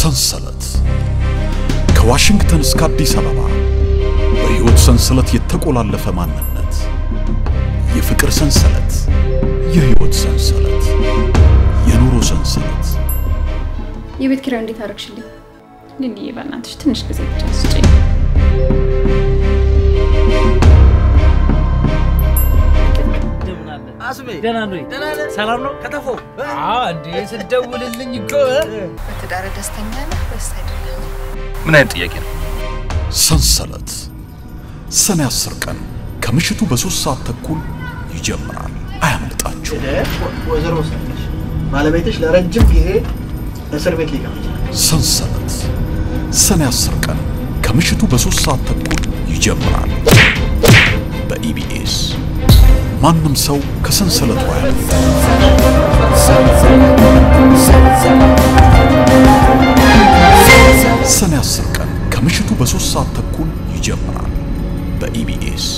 ሰንሰለት ከዋሽንግተን እስከ አዲስ አበባ በሕይወት ሰንሰለት የተቆላለፈ ማንነት፣ የፍቅር ሰንሰለት፣ የሕይወት ሰንሰለት፣ የኑሮ ሰንሰለት። የቤት ኪራይ እንዴት አደረግሽልኝ? ልንዬ፣ በእናትሽ ትንሽ ጊዜ ብቻ ስጭኝ። አስሜ ደህና ነው? ሰላም ነው? ከተፎ እንዴ ስትደውልልኝ እኮ በትዳር ደስተኛ ነህ ወይስ አይደለም? ምን አይነት ጥያቄ ነው? ሰንሰለት ሰኔ አስር ቀን ከምሽቱ በሶስት ሰዓት ተኩል ይጀምራል። አያመልጣችሁ። ወይዘሮ ሰነሽ ባለቤትሽ ለረጅም ጊዜ እስር ቤት ሊገባ ሰንሰለት ሰኔ አስር ቀን ከምሽቱ በሶስት ሰዓት ተኩል ይጀምራል። ማንም ሰው ከሰንሰለቱ አያልፍ። ሰኔ 10 ቀን ከምሽቱ በሶስት ሰዓት ተኩል ይጀምራል በኢቢኤስ